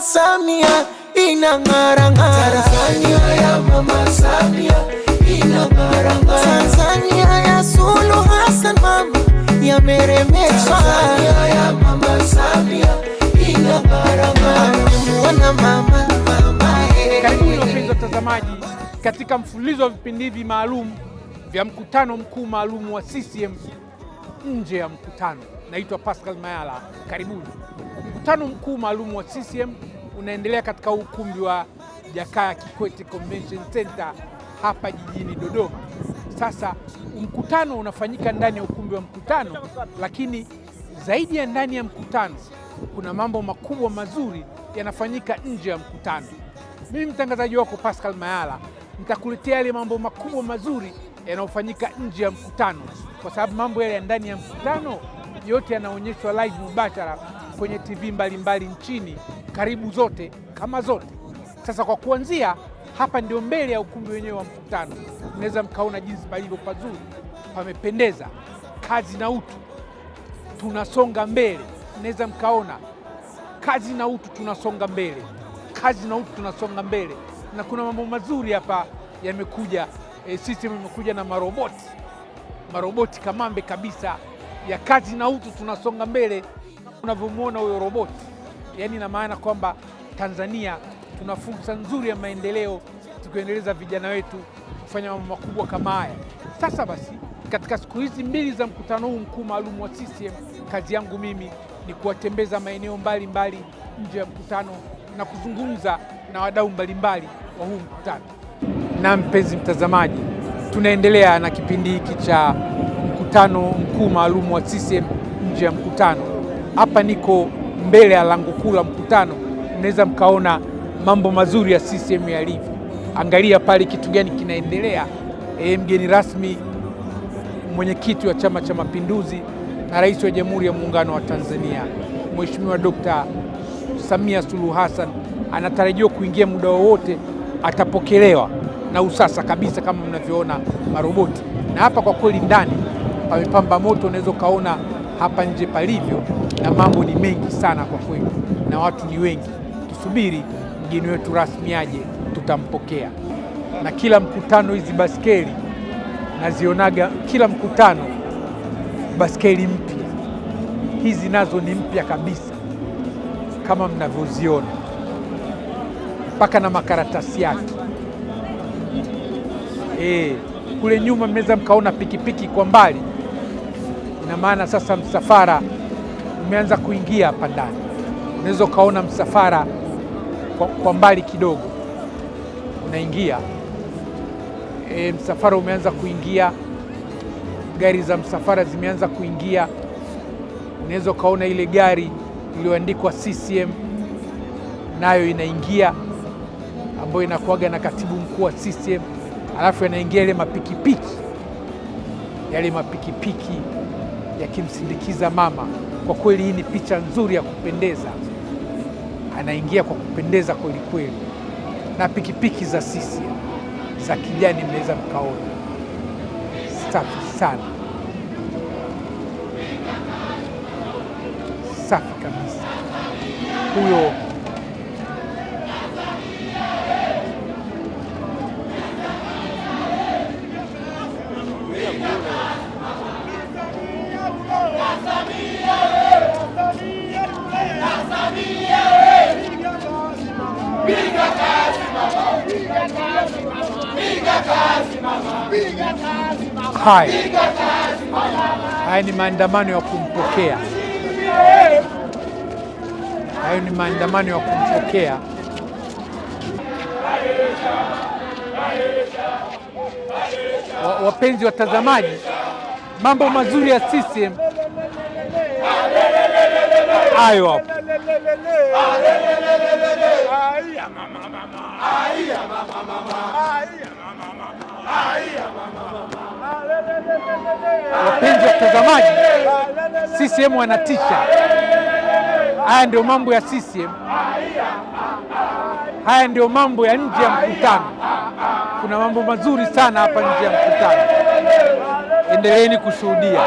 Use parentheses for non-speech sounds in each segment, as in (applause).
Samia inang'ara ng'ara. Tanzania ya Mama Samia inang'ara ng'ara. Tanzania ya Suluhu Hassan mama yameremeshwa. Tanzania ya Mama Samia inang'ara ng'ara. Mwana mama mama, hey. Eh. Karibuni wapenzi watazamaji katika mfululizo wa vipindi hivi maalum vya mkutano mkuu maalum wa CCM nje ya mkutano. Naitwa Pascal Mayala, karibuni. Mkutano mkuu maalum wa CCM unaendelea katika ukumbi wa Jakaya Kikwete Convention Center hapa jijini Dodoma. Sasa mkutano unafanyika ndani ya ukumbi wa mkutano, lakini zaidi ya ndani ya mkutano kuna mambo makubwa mazuri yanafanyika nje ya mkutano. Mimi mtangazaji wako Pascal Mayala nitakuletea yale mambo makubwa mazuri yanayofanyika nje ya mkutano, kwa sababu mambo yale ya ndani ya mkutano yote yanaonyeshwa live mubashara kwenye TV mbalimbali mbali nchini karibu zote kama zote. Sasa kwa kuanzia hapa ndio mbele ya ukumbi wenyewe wa mkutano, mnaweza mkaona jinsi palivyo pazuri, pamependeza, kazi na utu, tunasonga mbele. Mnaweza mkaona kazi na utu, tunasonga mbele, kazi na utu, tunasonga mbele. Na kuna mambo mazuri hapa yamekuja, e, system imekuja na maroboti, maroboti kamambe kabisa ya kazi na utu, tunasonga mbele. Unavyomwona huyo roboti yani na maana kwamba Tanzania tuna fursa nzuri ya maendeleo tukiendeleza vijana wetu kufanya mambo makubwa kama haya. Sasa basi, katika siku hizi mbili za mkutano huu mkuu maalum wa CCM, kazi yangu mimi ni kuwatembeza maeneo mbalimbali nje ya mkutano na kuzungumza na wadau mbalimbali wa huu mkutano. Na mpenzi mtazamaji, tunaendelea na kipindi hiki cha mkutano mkuu maalum wa CCM nje ya mkutano. Hapa niko mbele ya lango kuu la mkutano, mnaweza mkaona mambo mazuri ya CCM yalivyo. Angalia pale kitu gani kinaendelea. E, mgeni rasmi mwenyekiti wa Chama cha Mapinduzi na Rais wa Jamhuri ya Muungano wa Tanzania Mheshimiwa Dkt. Samia Suluhu Hassan anatarajiwa kuingia muda wowote, atapokelewa na usasa kabisa kama mnavyoona maroboti. Na hapa kwa kweli ndani pamepamba moto, unaweza ukaona hapa nje palivyo na mambo ni mengi sana kwa kweli, na watu ni wengi. Tusubiri mgeni wetu rasmi aje, tutampokea. Na kila mkutano hizi baskeli nazionaga, kila mkutano baskeli mpya. Hizi nazo ni mpya kabisa kama mnavyoziona, mpaka na makaratasi yake. E, kule nyuma mnaweza mkaona pikipiki kwa mbali, ina maana sasa msafara umeanza kuingia hapa ndani, unaweza ukaona msafara kwa, kwa mbali kidogo unaingia. E, msafara umeanza kuingia, gari za msafara zimeanza kuingia. Unaweza ukaona ile gari iliyoandikwa CCM nayo inaingia, ambayo inakuaga na katibu mkuu wa CCM, alafu yanaingia ile mapikipiki yale mapikipiki yakimsindikiza mama. Kwa kweli hii ni picha nzuri ya kupendeza, anaingia kwa kupendeza kweli kweli, na pikipiki za sisi za kijani mnaweza mkaona, safi sana, safi kabisa huyo Haya, haya ni maandamano ya kumpokea, hayo ni maandamano ya kumpokea. Wapenzi watazamaji, mambo mazuri ya CCM hayo hapo. Wapenzi watazamaji, CCM wanatisha. Haya ndio mambo ya CCM, haya ndio mambo ya nje ya mkutano. Kuna mambo mazuri sana hapa nje ya mkutano, endeleeni kushuhudia.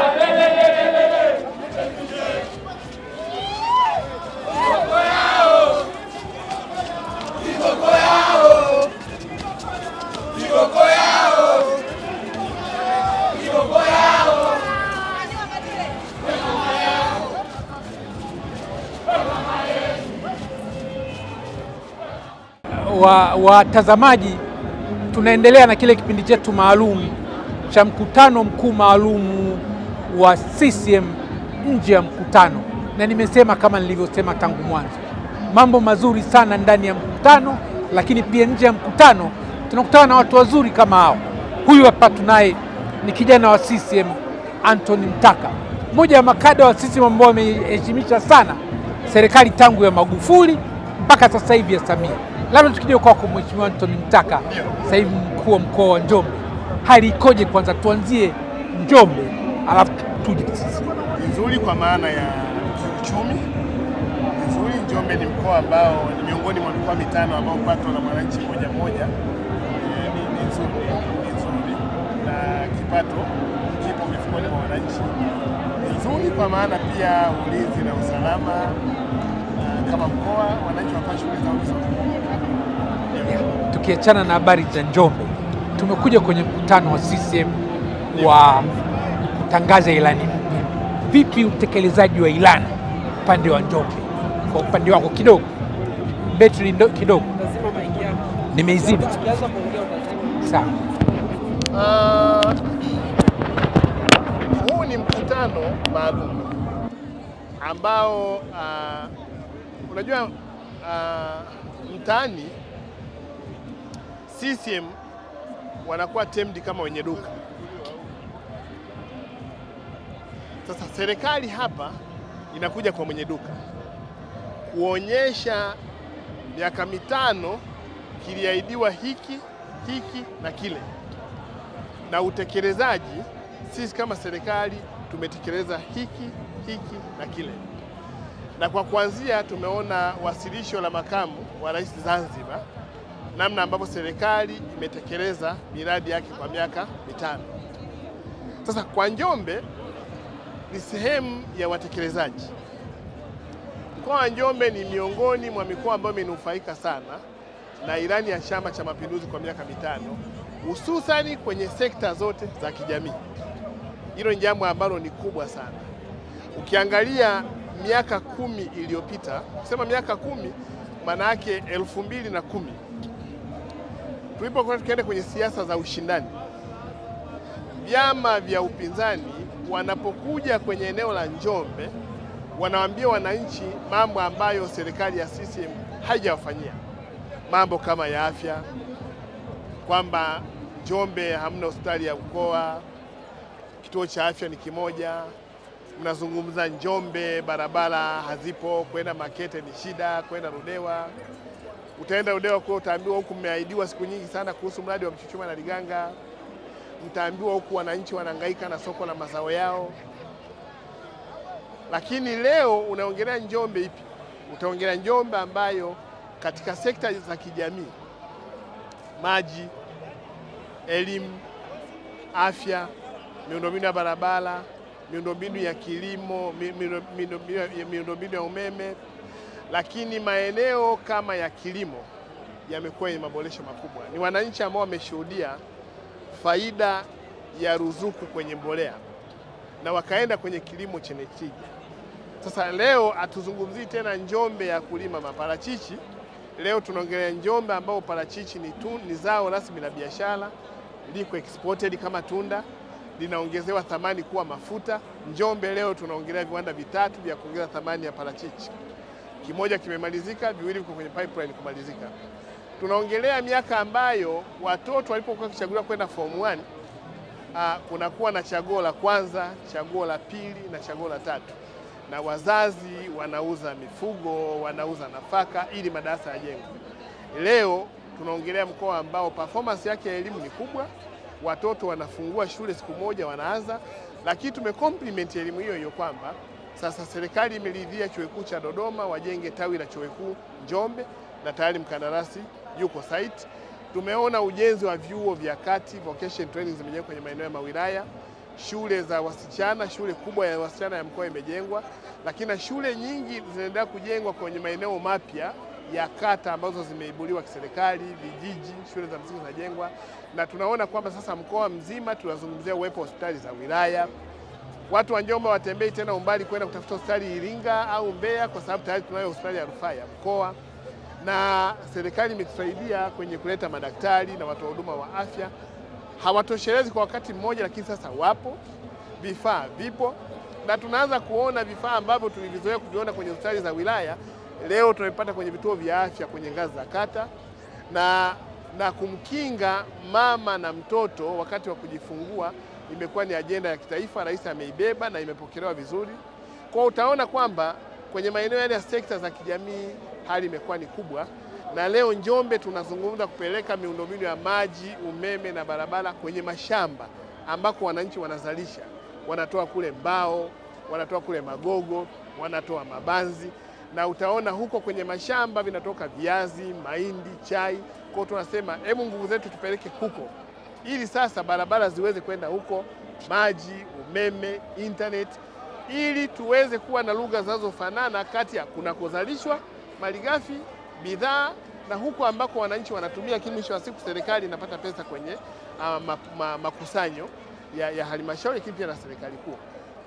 watazamaji wa tunaendelea na kile kipindi chetu maalum cha mkutano mkuu maalum wa CCM nje ya mkutano, na nimesema kama nilivyosema tangu mwanzo, mambo mazuri sana ndani ya mkutano, lakini pia nje ya mkutano tunakutana na watu wazuri kama hao. Huyu hapa tunaye ni kijana wa CCM Anthony Mtaka, mmoja wa makada wa CCM ambao wameheshimisha sana serikali tangu ya Magufuli mpaka sasa hivi ya Samia. Labda tukija kwako Mheshimiwa Antony Mtaka, sasa hivi mkuu wa mkoa wa Njombe, hali ikoje? Kwanza tuanzie Njombe alafu tuje sisi. Nzuri kwa maana ya kiuchumi nzuri. Njombe ni mkoa ambao ni miongoni mwa mikoa mitano ambao pato la mwananchi moja moja eh, ni nzuri, nzuri na kipato kipo mifukoni mwa wananchi. Nzuri kwa maana pia ulinzi na usalama, kama mkoa wananchi wanafanya shughuli zao vizuri tukiachana na habari za Njombe, tumekuja kwenye mkutano wa CCM wa kutangaza ilani Vipi utekelezaji wa ilani upande wa Njombe? Kwa upande wako kidogo, betri kidogo nimeizima sawa. Uh, huu ni mkutano maalum ambao uh, unajua uh, mtaani CCM wanakuwa temdi kama wenye duka. Sasa serikali hapa inakuja kwa mwenye duka kuonyesha miaka mitano kiliahidiwa hiki hiki na kile, na utekelezaji, sisi kama serikali tumetekeleza hiki hiki na kile. Na kwa kuanzia tumeona wasilisho la makamu wa rais Zanzibar namna ambavyo serikali imetekeleza miradi yake kwa miaka mitano. Sasa kwa Njombe ni sehemu ya watekelezaji. Mkoa wa Njombe ni miongoni mwa mikoa ambayo imenufaika sana na ilani ya Chama cha Mapinduzi kwa miaka mitano, hususani kwenye sekta zote za kijamii. Hilo ni jambo ambalo ni kubwa sana. Ukiangalia miaka kumi iliyopita, kusema miaka kumi maana yake elfu mbili na kumi tulipokuwa tukienda kwenye siasa za ushindani, vyama vya upinzani wanapokuja kwenye eneo la Njombe wanawaambia wananchi mambo ambayo serikali ya CCM haijawafanyia, mambo kama ya afya, kwamba Njombe hamna hospitali ya mkoa, kituo cha afya ni kimoja. Mnazungumza Njombe barabara hazipo, kwenda Makete ni shida, kwenda Rudewa Utaenda Ludewa kule utaambiwa huku mmeahidiwa siku nyingi sana kuhusu mradi wa Mchuchuma na Liganga. Mtaambiwa huku wananchi wanahangaika na soko la mazao yao, lakini leo unaongelea Njombe ipi? Utaongelea Njombe ambayo katika sekta za kijamii, maji, elimu, afya, miundombinu ya barabara, miundombinu ya kilimo, miundombinu ya umeme lakini maeneo kama ya kilimo yamekuwa yenye maboresho makubwa. Ni wananchi ambao wameshuhudia faida ya ruzuku kwenye mbolea na wakaenda kwenye kilimo chenye tija. Sasa leo hatuzungumzii tena Njombe ya kulima maparachichi, leo tunaongelea Njombe ambao parachichi ni, tu, ni zao rasmi la biashara, liko exported kama tunda linaongezewa thamani kuwa mafuta. Njombe leo tunaongelea viwanda vitatu vya kuongeza thamani ya parachichi kimoja kimemalizika, viwili viko kwenye pipeline kumalizika. Tunaongelea miaka ambayo watoto walipokuwa wakichaguliwa kwenda form 1 uh, ah, kunakuwa na chaguo la kwanza, chaguo la pili na chaguo la tatu, na wazazi wanauza mifugo, wanauza nafaka ili madarasa yajengwe. Leo tunaongelea mkoa ambao performance yake ya elimu ni kubwa, watoto wanafungua shule siku moja wanaanza, lakini tumecomplement elimu hiyo hiyo kwamba sasa serikali imeridhia chuo kikuu cha Dodoma wajenge tawi la chuo kikuu Njombe, na tayari mkandarasi yuko site. Tumeona ujenzi wa vyuo vya kati, vocation training zimejengwa kwenye maeneo ya mawilaya. Shule za wasichana, shule kubwa ya wasichana ya mkoa imejengwa, lakini na shule nyingi zinaendelea kujengwa kwenye maeneo mapya ya kata ambazo zimeibuliwa kiserikali, vijiji, shule za msingi zinajengwa, na tunaona kwamba sasa mkoa mzima tunazungumzia uwepo wa hospitali za wilaya watu wa Njomba watembei tena umbali kwenda kutafuta hospitali Iringa au Mbeya, kwa sababu tayari tunayo hospitali ya rufaa ya mkoa, na serikali imetusaidia kwenye kuleta madaktari na watoa huduma wa afya. Hawatoshelezi kwa wakati mmoja, lakini sasa wapo, vifaa vipo, na tunaanza kuona vifaa ambavyo tulivizoea kuviona kwenye hospitali za wilaya, leo tunavipata kwenye vituo vya afya kwenye ngazi za kata na, na kumkinga mama na mtoto wakati wa kujifungua imekuwa ni ajenda ya kitaifa, rais ameibeba na imepokelewa vizuri. Kwa utaona kwamba kwenye maeneo yale ya sekta za kijamii hali imekuwa ni kubwa, na leo Njombe tunazungumza kupeleka miundombinu ya maji, umeme na barabara kwenye mashamba ambako wananchi wanazalisha, wanatoa kule mbao, wanatoa kule magogo, wanatoa mabanzi na utaona huko kwenye mashamba vinatoka viazi, mahindi, chai. Kwa hiyo tunasema hebu nguvu zetu tupeleke huko ili sasa barabara ziweze kwenda huko, maji, umeme, internet, ili tuweze kuwa na lugha zinazofanana kati ya kunakozalishwa malighafi bidhaa na huko ambako wananchi wanatumia, lakini mwisho wa siku serikali inapata pesa kwenye ah, makusanyo ya, ya halmashauri lakini pia na serikali kuu.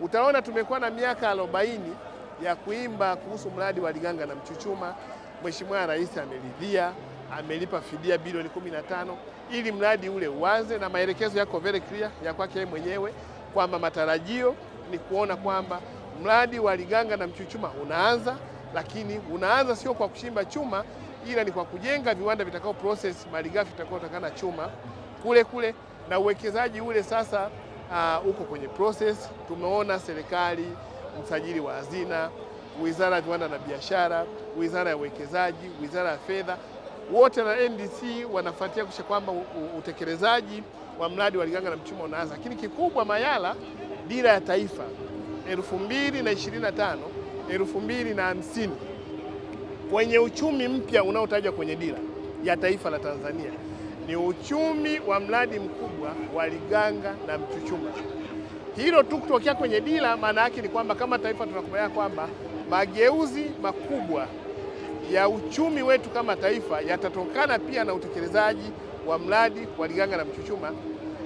Utaona tumekuwa na miaka arobaini ya kuimba kuhusu mradi wa Liganga na Mchuchuma. Mheshimiwa Rais ameridhia amelipa fidia bilioni 15 ili mradi ule uanze, na maelekezo yako very clear ya kwake mwenyewe kwamba matarajio ni kuona kwamba mradi wa Liganga na Mchuchuma unaanza, lakini unaanza sio kwa kuchimba chuma, ila ni kwa kujenga viwanda vitakao process malighafi itakayotokana chuma kule kule, na uwekezaji ule sasa uh, uko kwenye process. Tumeona serikali, msajili wa hazina, wizara ya viwanda na biashara, wizara ya uwekezaji, wizara ya fedha wote na NDC wanafuatia kisha kwamba utekelezaji wa mradi wa Liganga na Mchuma unaanza, lakini kikubwa Mayala, dira ya taifa 2025 2050 kwenye uchumi mpya unaotajwa kwenye dira ya taifa la Tanzania ni uchumi wa mradi mkubwa wa Liganga na Mchuchuma. Hilo tu kutokea kwenye dira, maana yake ni kwamba kama taifa tunakubaliana kwamba mageuzi makubwa ya uchumi wetu kama taifa yatatokana pia na utekelezaji wa mradi wa Liganga na Mchuchuma,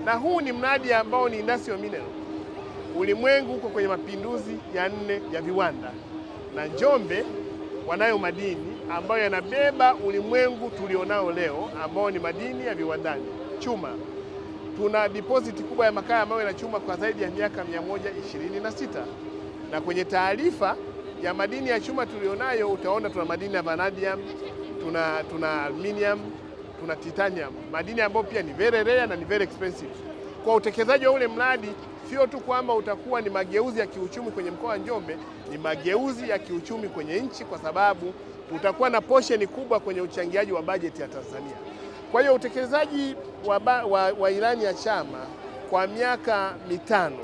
na huu ni mradi ambao ni industrial mineral. Ulimwengu uko kwenye mapinduzi ya nne ya viwanda, na Njombe wanayo madini ambayo yanabeba ulimwengu tulionao leo, ambao ni madini ya viwandani, chuma. Tuna deposit kubwa ya makaa ya mawe na chuma kwa zaidi ya miaka 126 na kwenye taarifa ya madini ya chuma tulionayo, utaona tuna madini ya vanadium, tuna, tuna aluminium, tuna titanium, madini ambayo pia ni very rare na ni very expensive. Kwa utekelezaji wa ule mradi sio tu kwamba utakuwa ni mageuzi ya kiuchumi kwenye mkoa wa Njombe, ni mageuzi ya kiuchumi kwenye nchi, kwa sababu utakuwa na posheni kubwa kwenye uchangiaji wa bajeti ya Tanzania. Kwa hiyo utekelezaji wa, wa, wa ilani ya chama kwa miaka mitano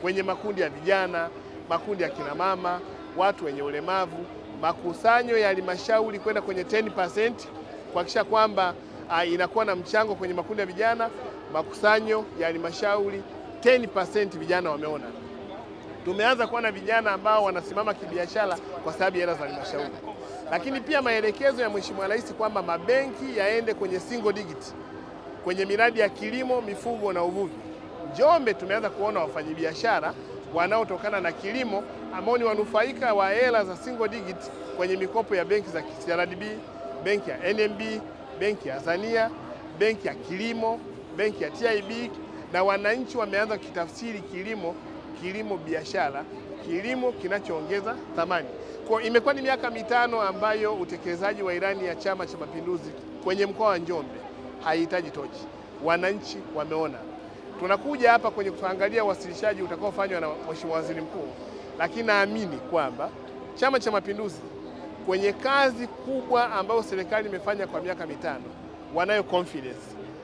kwenye makundi ya vijana, makundi ya kinamama watu wenye ulemavu. Makusanyo ya halmashauri kwenda kwenye 10% kuhakikisha kwamba uh, inakuwa na mchango kwenye makundi ya vijana. Makusanyo ya halmashauri 10% vijana wameona. Tumeanza kuona vijana ambao wanasimama kibiashara kwa sababu ya hela za halmashauri, lakini pia maelekezo ya Mheshimiwa Rais kwamba mabenki yaende kwenye single digit kwenye miradi ya kilimo, mifugo na uvuvi. Njombe tumeanza kuona wafanyabiashara wanaotokana na kilimo ambao ni wanufaika wa hela za single digit kwenye mikopo ya benki za CRDB, benki ya NMB, benki ya Azania, benki ya kilimo, benki ya TIB, na wananchi wameanza kitafsiri kilimo kilimo biashara, kilimo kinachoongeza thamani. Kwa imekuwa ni miaka mitano ambayo utekelezaji wa ilani ya Chama cha Mapinduzi kwenye mkoa wa Njombe haihitaji tochi, wananchi wameona. Tunakuja hapa kwenye kuangalia uwasilishaji utakaofanywa na Mheshimiwa Waziri Mkuu, lakini naamini kwamba Chama cha Mapinduzi kwenye kazi kubwa ambayo serikali imefanya kwa miaka mitano, wanayo confidence,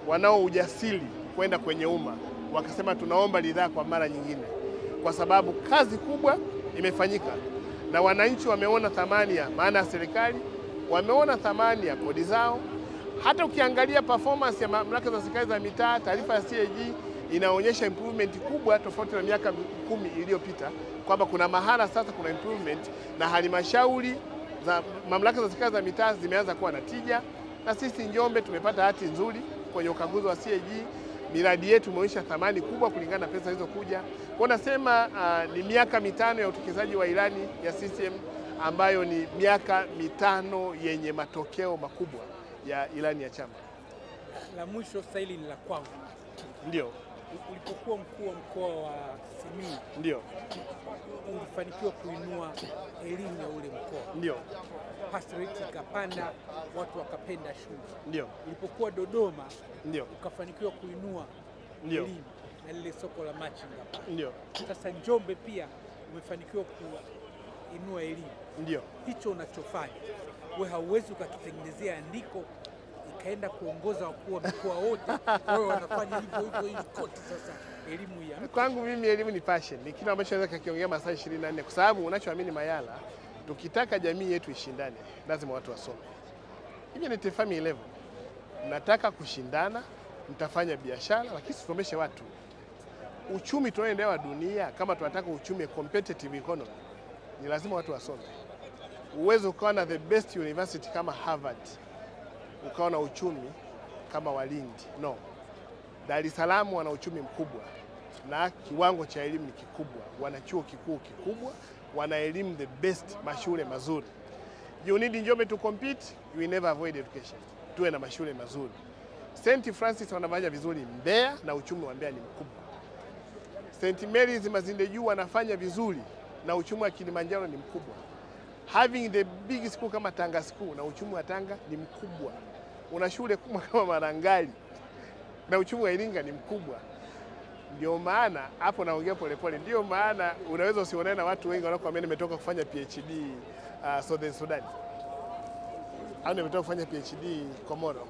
wanao ujasiri kwenda kwenye umma wakasema, tunaomba ridhaa kwa mara nyingine, kwa sababu kazi kubwa imefanyika na wananchi wameona thamani ya maana ya serikali, wameona thamani ya kodi zao. Hata ukiangalia performance ya mamlaka za serikali za mitaa, taarifa ya CAG inaonyesha improvement kubwa tofauti na miaka kumi iliyopita, kwamba kuna mahala sasa kuna improvement na halmashauri za mamlaka za serikali za mitaa zimeanza kuwa na tija, na sisi Njombe tumepata hati nzuri kwenye ukaguzi wa CAG. Miradi yetu imeonyesha thamani kubwa kulingana na pesa zilizokuja. Kwa nasema uh, ni miaka mitano ya utekelezaji wa ilani ya CCM ambayo ni miaka mitano yenye matokeo makubwa ya ilani ya chama. La mwisho, sasa ni la kwangu, ndio ulipokuwa mkuu wa mkoa wa Simiyu ndio ulifanikiwa kuinua elimu ya ule mkoa, ndio pastorate ikapanda, watu wakapenda shule, ndio ulipokuwa Dodoma, ndio ukafanikiwa kuinua elimu na lile soko la machinga ndio sasa Njombe pia umefanikiwa kuinua elimu, ndio hicho unachofanya wewe hauwezi ukakitengenezea andiko akaenda kuongoza wakuu wa mikoa wote wao wanafanya hivyo hivyo hivyo kote sasa elimu ya kwangu mimi elimu ni passion, ni kitu ambacho naweza kukiongea masaa 24 kwa sababu unachoamini Mayala, tukitaka jamii yetu ishindane lazima watu wasome. Hivi ni TFM level, nataka kushindana, mtafanya biashara lakini sisomeshe watu. Uchumi tunaoendea wa dunia, kama tunataka uchumi competitive economy, ni lazima watu wasome. Uwezo ukawa na the best university kama Harvard ukawa na uchumi kama Walindi. No, Dar es Salaam wana uchumi mkubwa na kiwango cha elimu ni kikubwa, wana chuo kikuu kikubwa, wana elimu the best, mashule mazuri. You need Njombe to compete, you will never avoid education. Tuwe na mashule mazuri. St. Francis wanafanya vizuri Mbeya na uchumi wa Mbeya ni mkubwa. St. Mary's Mazinde Juu wanafanya vizuri na uchumi wa Kilimanjaro ni mkubwa. Having the big school kama Tanga School na uchumi wa Tanga ni mkubwa una shule kubwa (laughs) kama Marangali na uchumi wa Iringa ni mkubwa. Ndio maana hapo naongea polepole, ndio maana unaweza usionane na watu wengi wanaokuambia nimetoka kufanya PhD uh, Southern Sudan au nimetoka kufanya PhD Komoro,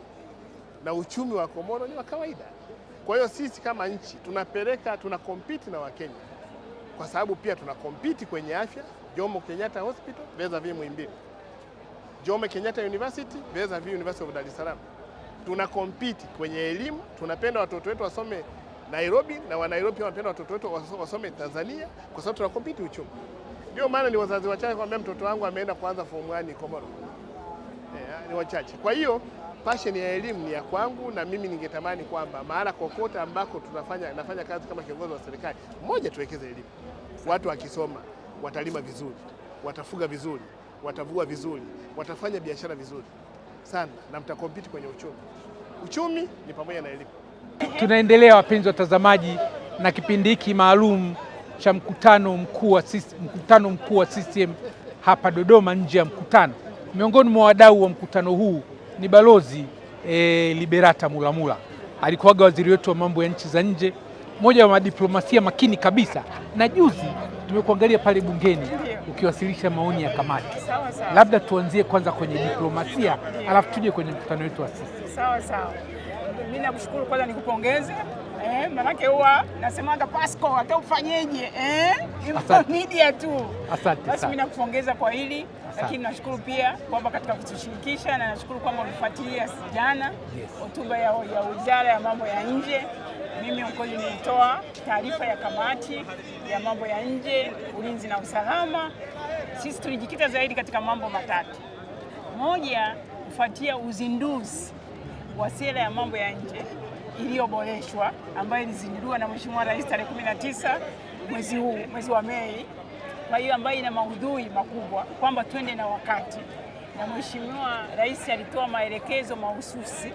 na uchumi wa Komoro ni wa kawaida. Kwa hiyo sisi kama nchi tunapeleka, tuna compete na Wakenya kwa sababu pia tuna compete kwenye afya, Jomo Kenyatta Hospital vis a Muhimbili. Jome Kenyatta University vis a University of Dar es Salaam. Tuna compete kwenye elimu, tunapenda watoto wetu wasome Nairobi na wa Nairobi wanapenda watoto wetu wasome Tanzania kwa sababu tuna compete uchumi. Ndio maana ni wazazi wachache kwambia mtoto wangu ameenda kuanza form 1 Komoro. Eh, ah, ni wachache. Kwa hiyo passion ya elimu ni ya kwangu na mimi ningetamani kwamba mahala kokote ambako tunafanya nafanya kazi kama kiongozi wa serikali, moja tuwekeze elimu. Watu wakisoma watalima vizuri, watafuga vizuri, watavua vizuri, watafanya biashara vizuri sana na mtakompiti kwenye uchumi. Uchumi ni pamoja na elimu. Tunaendelea wapenzi watazamaji, na kipindi hiki maalum cha mkutano mkuu wa mkutano mkuu wa CCM hapa Dodoma, nje ya mkutano. Miongoni mwa wadau wa mkutano huu ni balozi e, Liberata Mulamula, alikuwaga waziri wetu wa mambo ya nchi za nje, mmoja wa madiplomasia makini kabisa, na juzi tumekuangalia pale bungeni ukiwasilisha maoni ya kamati. Labda tuanzie kwanza kwenye diplomasia, alafu tuje kwenye mkutano wetu wa sisi. Sawa sawa, mimi nakushukuru kwanza, nikupongeze eh, manake huwa nasemaga Pasco hata ufanyeje eh, (laughs) media tu. Asante. Basi mimi nakupongeza kwa hili lakini nashukuru pia kwamba katika kutushirikisha na nashukuru kwamba ulifuatilia jana hotuba yes, ya wizara ya mambo ya nje mimi ukweli nilitoa taarifa ya kamati ya mambo ya nje, ulinzi na usalama. Sisi tulijikita zaidi katika mambo matatu. Moja, kufuatia uzinduzi wa sera ya mambo ya nje iliyoboreshwa ambayo ilizinduliwa na Mheshimiwa Rais tarehe 19 mwezi huu, mwezi wa Mei. Kwa hiyo ambayo ina maudhui makubwa kwamba twende na wakati, na Mheshimiwa Rais alitoa maelekezo mahususi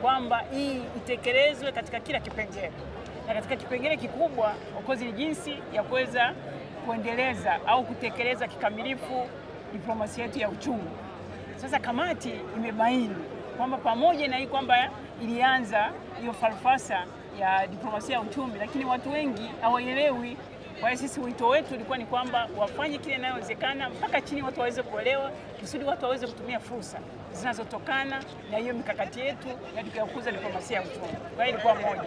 kwamba hii itekelezwe katika kila kipengele, na katika kipengele kikubwa okozi ni jinsi ya kuweza kuendeleza au kutekeleza kikamilifu diplomasia yetu ya uchumi. Sasa kamati imebaini kwamba pamoja na hii kwamba ilianza hiyo falsafa ya diplomasia ya uchumi, lakini watu wengi hawaelewi kwa hiyo sisi wito wetu ulikuwa ni kwamba wafanye kile inayowezekana mpaka chini watu waweze kuelewa, kusudi watu waweze kutumia fursa zinazotokana na hiyo mikakati yetu ya kukuza diplomasia ya uchumi. Kwa hiyo ilikuwa moja,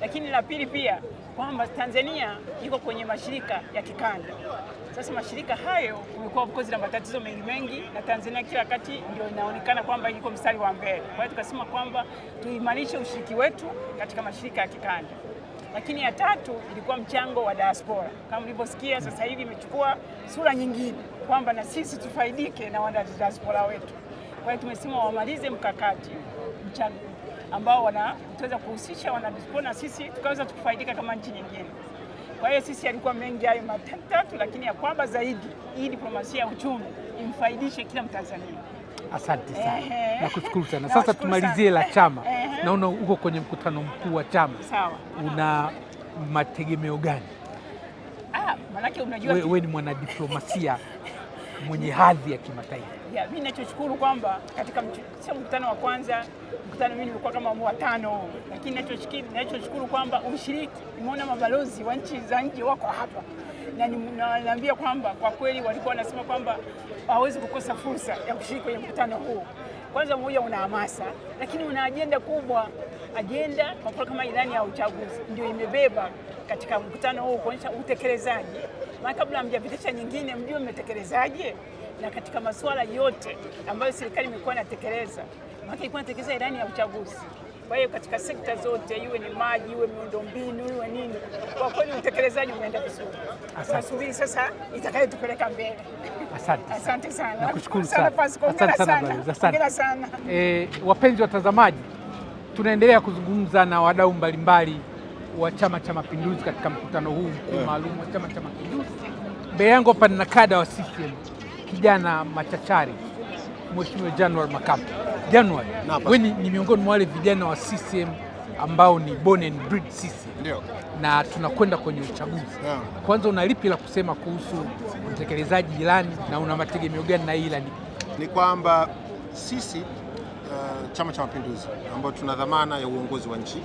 lakini la pili pia kwamba Tanzania iko kwenye mashirika ya kikanda. Sasa mashirika hayo kumekuwa of course na matatizo mengi mengi, na Tanzania kila wakati ndio inaonekana kwamba iko mstari wa mbele. Kwa hiyo tukasema kwamba tuimarishe ushiriki wetu katika mashirika ya kikanda lakini ya tatu ilikuwa mchango wa diaspora. Kama mlivyosikia, sasa hivi imechukua sura nyingine kwamba na sisi tufaidike na wana diaspora wetu. Kwa hiyo tumesema wamalize mkakati mchango ambao wanaweza kuhusisha wana diaspora na sisi tukaweza tukufaidika kama nchi nyingine. Kwa hiyo sisi alikuwa mengi hayo matatu, lakini ya kwamba zaidi hii diplomasia ya uchumi imfaidishe kila Mtanzania. Asante sana, nakushukuru sana. (laughs) Sasa tumalizie la chama naona uko kwenye mkutano mkuu wa chama, una mategemeo gani? Ah, manake unajua wewe we ni mwanadiplomasia mwenye hadhi ya kimataifa. Yeah, mimi ninachoshukuru kwamba katika mkutano wa kwanza mkutano mimi nilikuwa kama wa tano, lakini nachoshukuru kwamba ushiriki, nimeona mabalozi wa nchi za nje wako hapa na naambia kwamba kwa kweli walikuwa wanasema kwamba hawezi kukosa fursa ya kushiriki kwenye mkutano huu. Kwanza mmoja una hamasa, lakini una ajenda kubwa, ajenda mapaa kama ilani ya uchaguzi ndio imebeba katika mkutano huu kuonyesha utekelezaji, maana kabla hamjapitisha nyingine, mjue mmetekelezaje na katika masuala yote ambayo serikali imekuwa inatekeleza maana ilikuwa inatekeleza ilani ya uchaguzi. Kwa hiyo katika sekta zote, iwe ni maji, iwe miundombinu, iwe nini, kwa kweli utekelezaji umeenda vizuri. Tunasubiri sasa itakayotupeleka mbele. Asante, asante sana, nakushukuru sana, asante sana. Eh, wapenzi watazamaji, tunaendelea kuzungumza na wadau mbalimbali wa Chama cha Mapinduzi katika mkutano huu mkuu eh. maalum wa Chama cha Mapinduzi. Mbele yangu hapa nina kada wa CCM kijana machachari, Mheshimiwa January Makamba. Januari, wewe ni, ni miongoni mwa wale vijana wa CCM ambao ni born and bred CCM. Ndio. na tunakwenda kwenye uchaguzi yeah. Kwanza una lipi la kusema kuhusu utekelezaji ilani na una mategemeo gani na hii ilani? Ni kwamba sisi uh, Chama cha Mapinduzi ambao tuna dhamana ya uongozi wa nchi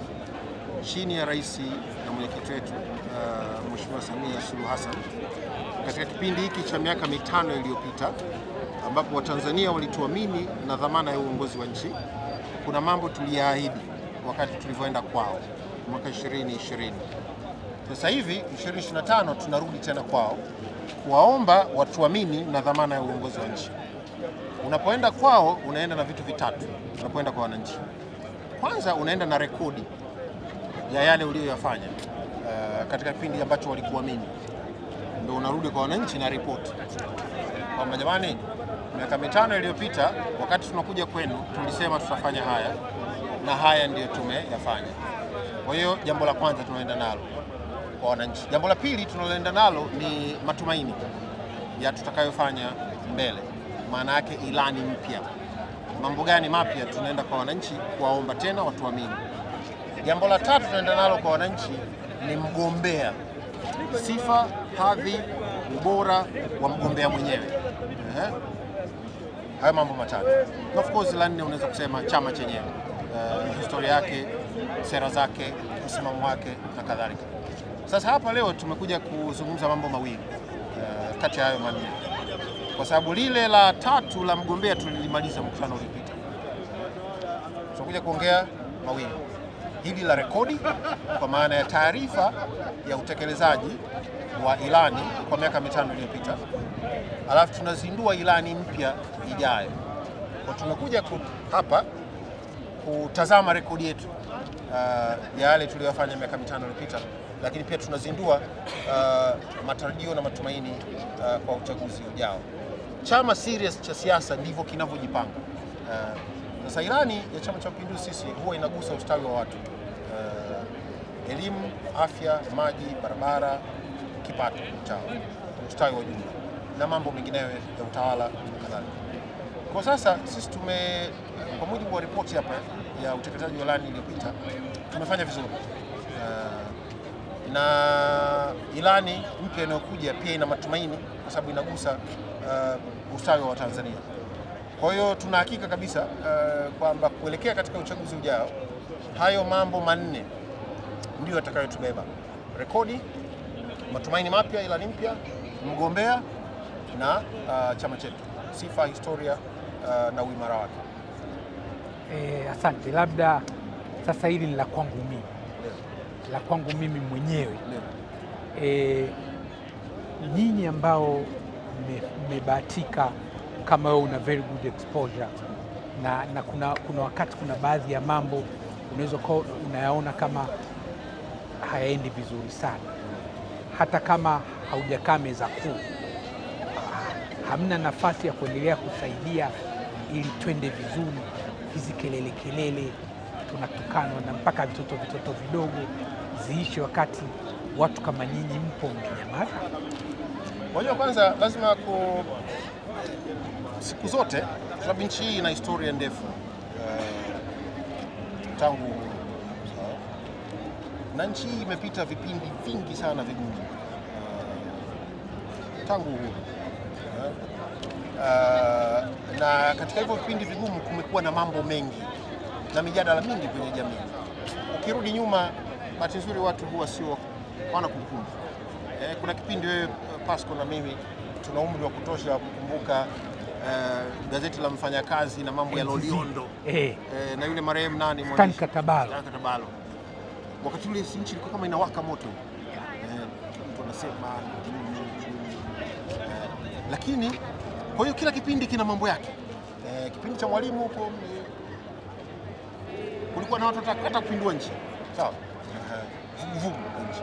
chini ya rais na mwenyekiti wetu uh, Mheshimiwa Samia Suluhu Hassan katika kipindi hiki cha miaka mitano iliyopita ambapo Watanzania walituamini na dhamana ya uongozi wa nchi. Kuna mambo tuliyaahidi wakati tulivyoenda kwao mwaka 2020. Sasa hivi 2025 tunarudi tena kwao kuwaomba watuamini na dhamana ya uongozi wa nchi. Unapoenda kwao unaenda na vitu vitatu. Unapoenda kwa wananchi, kwanza unaenda na rekodi ya yale uliyoyafanya uh, katika kipindi ambacho walikuamini, ndio unarudi kwa wananchi na ripoti kwamba jamani miaka mitano iliyopita, wakati tunakuja kwenu tulisema tutafanya haya na haya ndiyo tumeyafanya. Kwa hiyo jambo la kwanza tunaenda nalo kwa wananchi. Jambo la pili tunaloenda nalo ni matumaini ya tutakayofanya mbele, maana yake ilani mpya, mambo gani mapya tunaenda kwa wananchi kuwaomba tena watuamini. Jambo la tatu tunaenda nalo kwa wananchi ni mgombea, sifa, hadhi, ubora wa mgombea mwenyewe. Hayo mambo matatu, na of course la nne unaweza kusema chama chenyewe, uh, historia yake, sera zake, msimamo wake na kadhalika. Sasa hapa leo tumekuja kuzungumza mambo mawili uh, kati ya hayo manne, kwa sababu lile la tatu la mgombea tulilimaliza mkutano uliopita. Tunakuja kuongea mawili, hili la rekodi kwa maana ya taarifa ya utekelezaji wa ilani kwa miaka mitano iliyopita alafu tunazindua ilani mpya ijayo. Kwa tumekuja hapa kutazama rekodi yetu uh, ya yale tuliyofanya miaka mitano iliyopita, lakini pia tunazindua uh, matarajio na matumaini uh, kwa uchaguzi ujao. Chama serious cha siasa ndivyo kinavyojipanga. Uh, sasa ilani ya Chama cha Mapinduzi sisi huwa inagusa ustawi wa watu uh, elimu, afya, maji, barabara, kipato chao, ustawi wa jumla na mambo mengineyo ya utawala kadhalika. Kwa sasa sisi tume, kwa mujibu wa ripoti hapa ya utekelezaji wa ilani iliyopita, tumefanya vizuri uh, na ilani mpya inayokuja pia ina matumaini kwa sababu inagusa uh, ustawi wa Tanzania. Kwa hiyo tuna hakika kabisa uh, kwamba kuelekea katika uchaguzi ujao, hayo mambo manne ndio yatakayotubeba: rekodi, matumaini mapya, ilani mpya, mgombea na uh, chama chetu, sifa, historia uh, na uimara wake. Eh, asante. Labda sasa hili ni la kwangu mimi, la kwangu mimi mwenyewe eh, nyinyi ambao mmebahatika me, kama wewe una very good exposure na, na kuna, kuna wakati kuna baadhi ya mambo unaweza kuwa unayaona kama hayaendi vizuri sana hata kama haujakaa meza kuu hamna nafasi ya kuendelea kusaidia ili twende vizuri. Hizi kelele kelele, tunatukanwa na mpaka vitoto vitoto vidogo ziishe, wakati watu kama nyinyi mpo mkinyamaza. Unajua, kwanza lazima ku siku zote, kwa sababu nchi hii ina historia ndefu uh, tangu uh, na nchi hii imepita vipindi vingi sana vigumu uh, tangu uhuru Uh, na katika hivyo vipindi vigumu kumekuwa na mambo mengi na mijadala mingi kwenye jamii. Ukirudi nyuma, bahati nzuri watu huwa sio wana kumbukumbu. Eh, kuna kipindi wewe Pasco na mimi tuna umri wa kutosha wa kukumbuka Uh, gazeti la mfanyakazi na mambo ya Loliondo eh, eh, na yule marehemu nani mwandishi Katabalo. Katabalo. Wakati ule nchi ilikuwa kama inawaka moto eh, mtu anasema lakini kwa hiyo kila kipindi kina mambo yake. Eh, kipindi cha mwalimu huko kulikuwa na watu hata kupindua nchi, sawa, eh, vuguvugu nchi.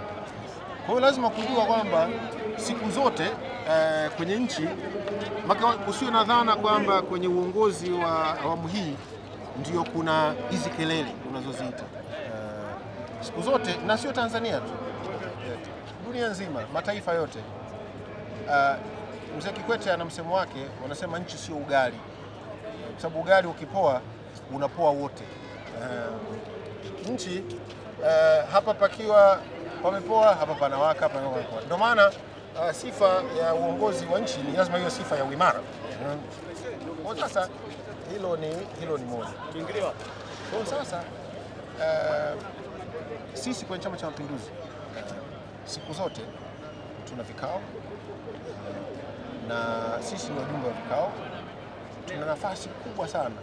Kwa hiyo lazima kujua kwamba siku zote eh, kwenye nchi kusiwe na dhana kwamba kwenye uongozi wa awamu hii ndio kuna hizi kelele unazoziita eh, siku zote, na sio Tanzania tu, eh, dunia nzima, mataifa yote e, Mzee Kikwete ana msemo wake, wanasema nchi sio ugali, kwa sababu ugali ukipoa unapoa wote. Uh, nchi uh, hapa pakiwa pamepoa, hapa panawaka, hapa pamepoa. Ndio maana uh, sifa ya uongozi wa nchi ni lazima hiyo sifa ya uimara. Sasa hilo ni hilo ni moja. Sasa uh, sisi kwenye Chama cha Mapinduzi uh, siku zote tuna vikao na sisi ni wajumbe wa vikao, tuna nafasi kubwa sana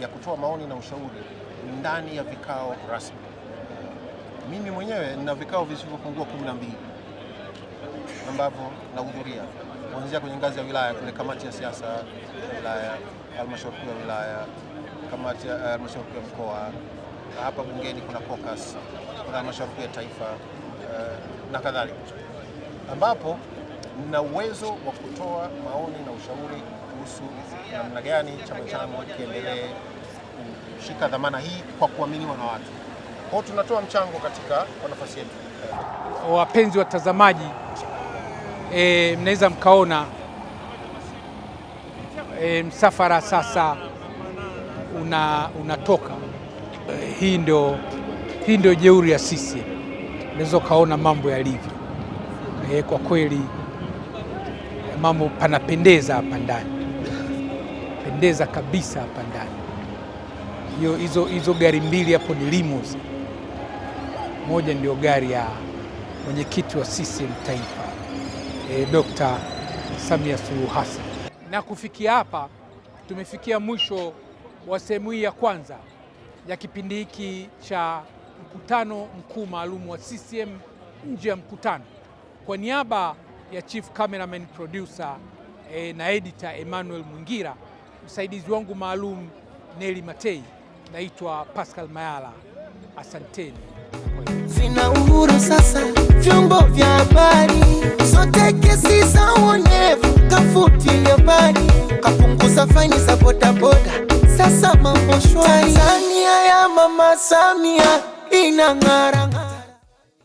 ya kutoa maoni na ushauri ndani ya vikao rasmi. Mimi mwenyewe nina vikao visivyopungua kumi na mbili ambavyo nahudhuria kuanzia kwenye ngazi ya wilaya kule kamati ya siasa ya wilaya, halmashauri kuu ya wilaya, kamati ya eh, halmashauri kuu ya mkoa, hapa bungeni kuna caucus, kuna halmashauri kuu ya taifa eh, na kadhalika ambapo na uwezo wa kutoa maoni na ushauri kuhusu namna gani chama changu kiendelee kushika dhamana hii kwa kuaminiwa na watu. Kwao tunatoa mchango katika kwa nafasi yetu. Wapenzi watazamaji, e, mnaweza mkaona e, msafara sasa una, unatoka. hii ndio hii ndio jeuri ya sisi, unaweza ukaona mambo yalivyo. E, kwa kweli mambo panapendeza hapa ndani, pendeza kabisa hapa ndani. Hiyo hizo hizo gari mbili hapo ni limousine, moja ndio gari ya mwenyekiti wa CCM taifa e, eh, Dr. Samia Suluhu Hassan. Na kufikia hapa tumefikia mwisho wa sehemu hii ya kwanza ya kipindi hiki cha mkutano mkuu maalum wa CCM nje ya mkutano. Kwa niaba ya chief cameraman producer e, na editor Emmanuel Mwingira, msaidizi wangu maalum Neli Matei, naitwa Pascal Mayala. Asanteni. Vina uhuru sasa vyombo vya habari, sote, kesi za uonevu kafuti habari, kapunguza faini za bodaboda, sasa mambo shwari. Tanzania ya mama Samia inang'ara.